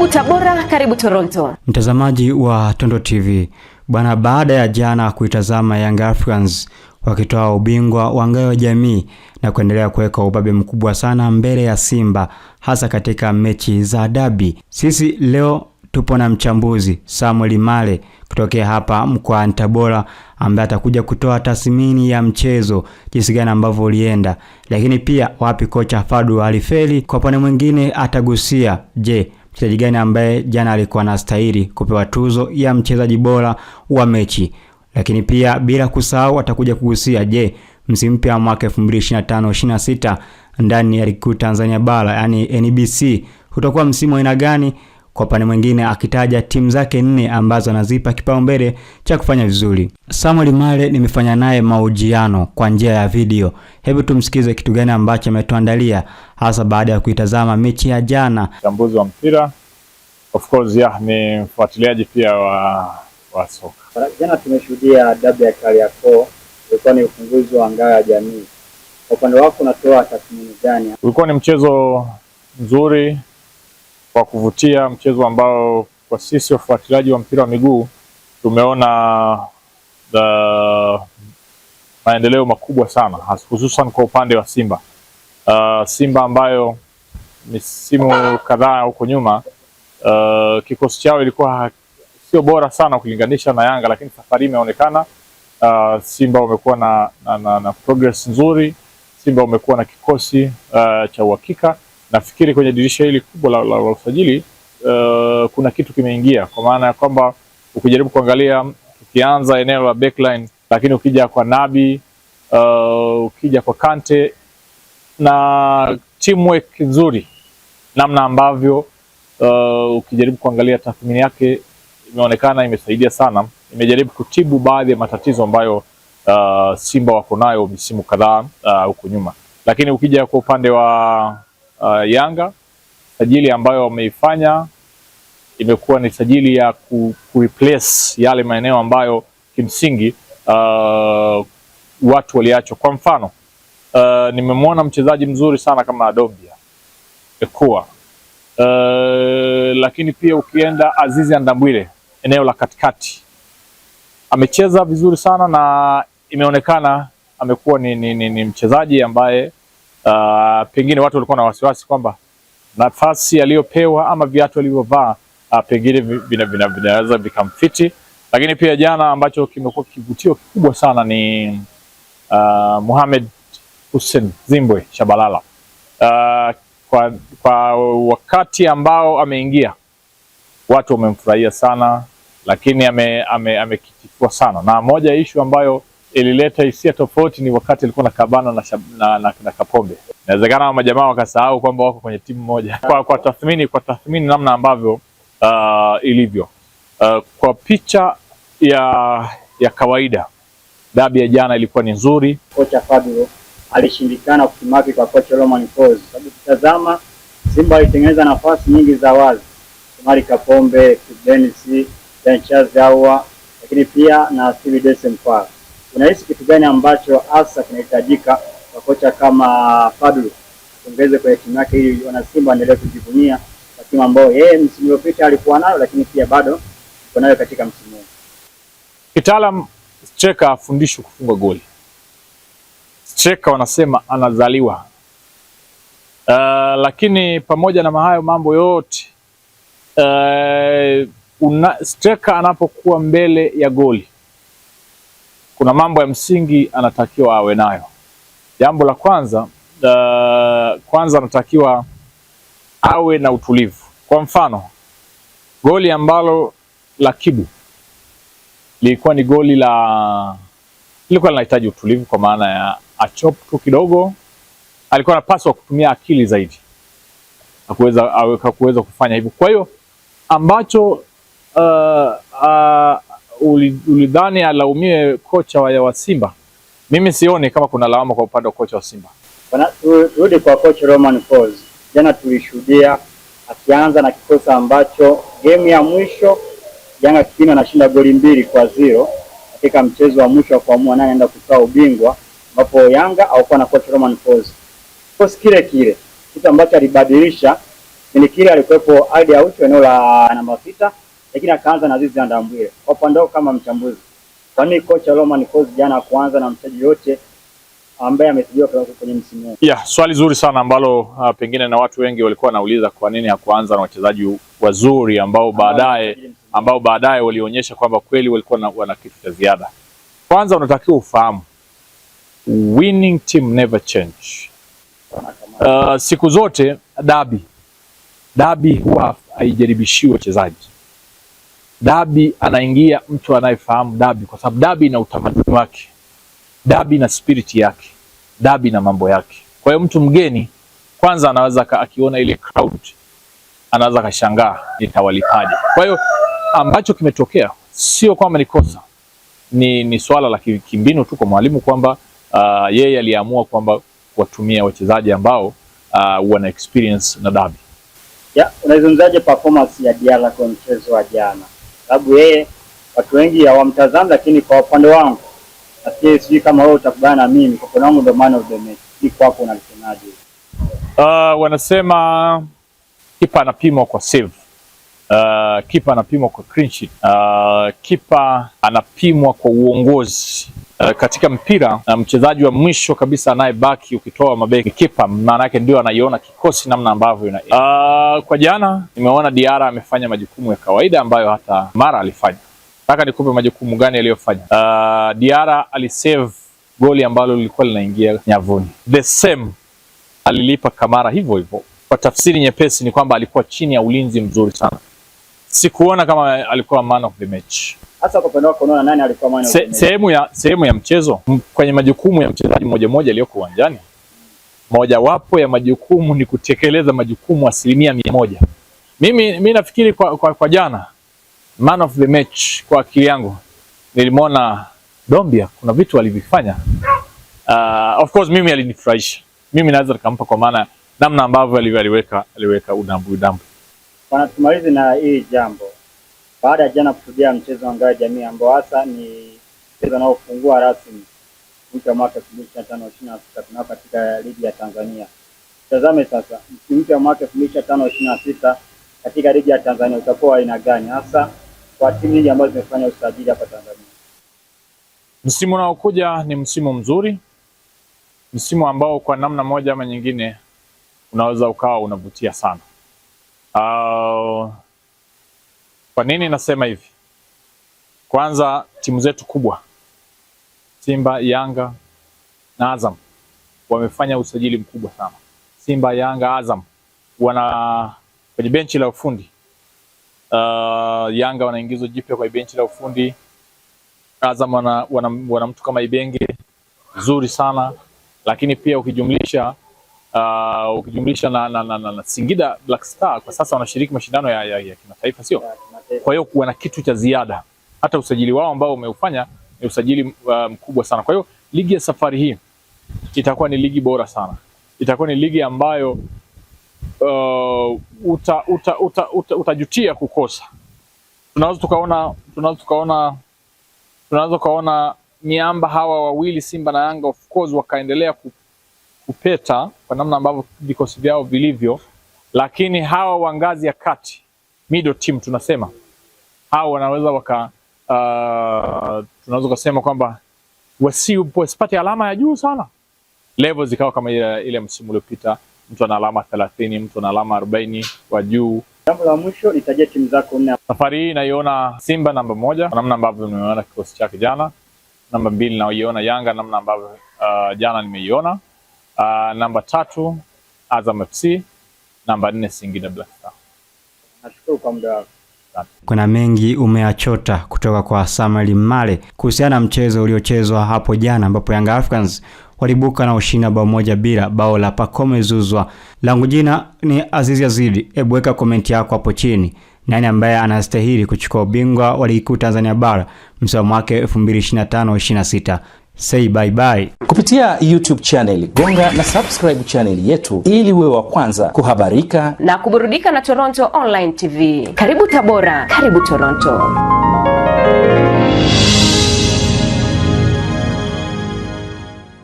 Karibu Tabora, karibu Toronto. Mtazamaji wa Tondo TV bwana, baada ya jana kuitazama Young Africans wakitoa ubingwa wa ngao ya jamii na kuendelea kuweka ubabe mkubwa sana mbele ya Simba hasa katika mechi za dabi, sisi leo tupo na mchambuzi Samuel Male kutokea hapa mkoani Tabora ambaye atakuja kutoa tathmini ya mchezo jinsi gani ambavyo ulienda, lakini pia wapi kocha Fadu alifeli. Kwa upande mwingine atagusia je mchezaji gani ambaye jana alikuwa anastahili kupewa tuzo ya mchezaji bora wa mechi. Lakini pia bila kusahau atakuja kugusia, je, msimu mpya wa mwaka 2025 26 ndani ya ligi kuu Tanzania bara, yani NBC, utakuwa msimu aina gani? Kwa upande mwingine, akitaja timu zake nne ambazo anazipa kipaumbele cha kufanya vizuri. Samuel Male nimefanya naye mahojiano kwa njia ya video. Hebu tumsikize kitu gani ambacho ametuandalia hasa baada ya kuitazama mechi ya jana. Mchambuzi wa mpira of course, yeah, ni mfuatiliaji pia wa, wa soka. Jana tumeshuhudia dabi ya Kariakoo, ilikuwa ni ufunguzi wa ngao ya jamii. Kwa upande wako unatoa tathmini gani? Ulikuwa ni mchezo mzuri wa kuvutia, mchezo ambao kwa sisi wafuatiliaji wa mpira wa miguu tumeona the uh, maendeleo makubwa sana hususan kwa upande wa Simba. Uh, Simba ambayo misimu kadhaa huko nyuma uh, kikosi chao ilikuwa sio bora sana ukilinganisha na Yanga, lakini safari imeonekana uh, Simba wamekuwa na, na, na, na progress nzuri. Simba wamekuwa na kikosi uh, cha uhakika nafikiri kwenye dirisha hili kubwa la, la, la usajili uh, kuna kitu kimeingia, kwa maana ya kwamba ukijaribu kuangalia tukianza eneo la backline, lakini ukija kwa Nabi uh, ukija kwa Kante na teamwork nzuri, namna ambavyo uh, ukijaribu kuangalia tathmini yake imeonekana imesaidia sana, imejaribu kutibu baadhi ya matatizo ambayo uh, Simba wako nayo misimu kadhaa huko uh, nyuma, lakini ukija kwa upande wa uh, Yanga. Sajili ambayo wameifanya imekuwa ni sajili ya ku, ku replace yale maeneo ambayo kimsingi uh, watu waliachwa. Kwa mfano uh, nimemwona mchezaji mzuri sana kama Adobia Ekua uh, lakini pia ukienda Azizi Andambwile eneo la katikati amecheza vizuri sana na imeonekana amekuwa ni, ni, ni, ni mchezaji ambaye Ah, pengine watu walikuwa na wasiwasi kwamba nafasi aliyopewa ama viatu alivyovaa uh, pengine vinaweza vina, vina, vikamfiti. Lakini pia jana ambacho kimekuwa kivutio kikubwa sana ni uh, Mohamed Hussein Zimbwe Shabalala uh, kwa, kwa wakati ambao ameingia watu wamemfurahia sana, lakini amekitifua ame, ame sana, na moja ya ishu ambayo ilileta hisia tofauti ni wakati alikuwa na kabana na, na, na, na Kapombe. Inawezekana majamaa wakasahau kwamba wako kwenye timu moja. Kwa, kwa tathmini kwa tathmini namna ambavyo uh, ilivyo uh, kwa picha ya ya kawaida dabi ya jana ilikuwa ni nzuri. Kocha Fabio alishindikana kusimaki kwa kocha Roman Folz, sababu kitazama Simba alitengeneza nafasi nyingi za wazi Omari Kapombe, Dennis Charles lakini pia na Steve unahisi kitu gani ambacho hasa kinahitajika kwa kocha kama Fadlu ongeze kwenye timu yake ili wanasimba waendelee kujivunia kwa timu ambayo yeye msimu uliopita alikuwa nayo, lakini pia bado iko nayo katika msimu huu. Kitaalam, Streka afundishwe kufunga goli. Streka wanasema anazaliwa uh, lakini pamoja na mahayo mambo yote uh, una, Streka anapokuwa mbele ya goli kuna mambo ya msingi anatakiwa awe nayo. Jambo la kwanza uh, kwanza anatakiwa awe na utulivu. Kwa mfano goli ambalo la Kibu lilikuwa ni goli la lilikuwa linahitaji utulivu, kwa maana ya achop tu kidogo, alikuwa anapaswa kutumia akili zaidi kuweza kuweza kufanya hivyo. Kwa hiyo ambacho uh, uh, ulidhani alaumiwe kocha wa Simba? Mimi sioni kama kuna lawama kwa upande wa kocha wa Simba. Turudi kwa kocha Roman Folz. Jana tulishuhudia akianza na kikosi ambacho gemu ya mwisho Yanga kipindi anashinda goli mbili kwa zero katika mchezo wa mwisho wa kuamua nani anaenda kutoa ubingwa, ambapo Yanga hawakuwa na kocha Roman Folz. Kikosi kile kile, kitu ambacho alibadilisha ni kile, alikuwepo Audi Aucho eneo la namba sita lakini akaanza na Azizi Ndambwile. Kwa upande wako kama mchambuzi, kwa nini kocha Romain Folz jana kuanza na mchezaji yote ambaye ametujiwa kwenye msimu huu? Yeah, swali zuri sana ambalo uh, pengine na watu wengi walikuwa wanauliza kwa nini hakuanza na wachezaji wazuri ambao ah, baadaye ambao baadaye walionyesha kwamba kweli walikuwa na, wana kitu cha ziada. Kwanza unatakiwa ufahamu winning team never change. Uh, siku zote dabi dabi huwa haijaribishiwi wachezaji dabi anaingia mtu anayefahamu dabi, kwa sababu dabi ina utamaduni wake, dabi na spiriti yake, dabi na mambo yake. Kwa hiyo mtu mgeni kwanza anaweza akiona ile crowd anaweza akashangaa nitawalipaje? Kwa hiyo ambacho kimetokea sio kwamba ni kosa, ni, ni swala la kimbinu tu kwa mwalimu kwamba uh, yeye aliamua kwamba kuwatumia wachezaji ambao uh, wana experience na dabi. Yeah, unaizungumzaje performance ya Diala kwa mchezo wa jana? sababu yeye watu wengi hawamtazami, lakini kwa upande wangu nafikiri, sijui kama wewe utakubana na mimi, kwa upande wangu ndio maana of the match. Sijui kwako unalisemaje? Uh, wanasema kipa anapimwa kwa save Uh, kipa anapimwa kwa clean sheet. Uh, kipa anapimwa kwa uongozi. Uh, katika mpira uh, mchezaji wa mwisho kabisa anayebaki ukitoa mabeki kipa, maana yake ndio anaiona kikosi namna ambavyo ina. Uh, kwa jana nimeona Diara amefanya majukumu ya kawaida ambayo hata Mara alifanya. Nataka nikupe majukumu gani aliyofanya. Uh, Diara alisave goli ambalo lilikuwa linaingia nyavuni. The same alilipa Kamara hivyo hivyo. Kwa tafsiri nyepesi ni kwamba alikuwa chini ya ulinzi mzuri sana sikuona kama alikuwa man of the match. Hasa kwa upande wako unaona nani alikuwa man of the match? Sehemu ya sehemu ya mchezo kwenye majukumu ya mchezaji mmoja mmoja aliyoko uwanjani, mojawapo ya majukumu ni kutekeleza majukumu asilimia mia moja. Mimi mimi nafikiri kwa, kwa, kwa jana man of the match kwa akili yangu nilimwona Dombia, kuna vitu alivifanya. Uh, of course mimi alinifurahisha, mimi naweza nikampa kwa maana namna ambavyo aliweka aliweka udambu udambu wanatumalizi na hili jambo. Baada ya jana kushuhudia mchezo wa ngao ya jamii ambao hasa ni mchezo unaofungua rasmi wiki mwaka elfu mbili ishirini na tano ishirini na sita tunao katika ligi ya Tanzania. Tazame sasa msimu wa mwaka elfu mbili ishirini na tano ishirini na sita katika ligi ya Tanzania utakuwa aina gani, hasa kwa timu nyingi ambazo zimefanya usajili hapa Tanzania? Msimu unaokuja ni msimu mzuri, msimu ambao kwa namna moja ama nyingine unaweza ukawa unavutia sana kwa nini nasema hivi? Kwanza timu zetu kubwa Simba, Yanga na Azam wamefanya usajili mkubwa sana. Simba, Yanga, Azam wana kwenye benchi la ufundi uh, Yanga wanaingizwa jipya kwenye benchi la ufundi Azam wana, wana, wana mtu kama Ibenge nzuri sana lakini pia ukijumlisha uh, ukijumlisha na, na, na, na, na Singida Black Star kwa sasa wanashiriki mashindano ya, ya, ya kimataifa sio? Kwa hiyo kuwa na kitu cha ziada, hata usajili wao ambao umeufanya ni usajili uh, mkubwa sana. Kwa hiyo ligi ya safari hii itakuwa ni ligi bora sana, itakuwa ni ligi ambayo uh, uta, uta, uta, uta, utajutia kukosa. Tunaweza tukaona tunaweza tukaona tunaweza tukaona miamba hawa wawili Simba na Yanga of course wakaendelea ku kupeta kwa namna ambavyo vikosi vyao vilivyo, lakini hawa wa ngazi ya kati middle team tunasema hawa wanaweza waka uh, tunaweza kusema kwamba wasipate alama ya juu sana, level zikawa kama ile ile msimu uliopita, mtu ana alama 30, mtu ana alama 40 wa juu. Jambo la mwisho litajia timu zako nne. Safari hii naiona Simba namba moja kwa namna ambavyo nimeona kikosi chake jana, namba mbili naiona Yanga namna ambavyo uh, jana nimeiona Uh, namba tatu Azam FC, namba nne Singida Black Star. Nashukuru kwa muda wako. Kuna mengi umeyachota kutoka kwa Samuel Male kuhusiana na mchezo uliochezwa hapo jana ambapo Young Africans walibuka na ushindi wa bao moja bila bao la Pacome Zuzwa. Langu jina ni Azizi Azidi. Hebu weka komenti yako hapo chini, nani ambaye anastahili kuchukua ubingwa wa ligi kuu Tanzania bara msimu wake 2025-26? Say bye bye. Kupitia YouTube channel, gonga na subscribe channel yetu ili wewe wa kwanza kuhabarika na kuburudika na Toronto Online TV. Karibu Tabora, karibu Toronto.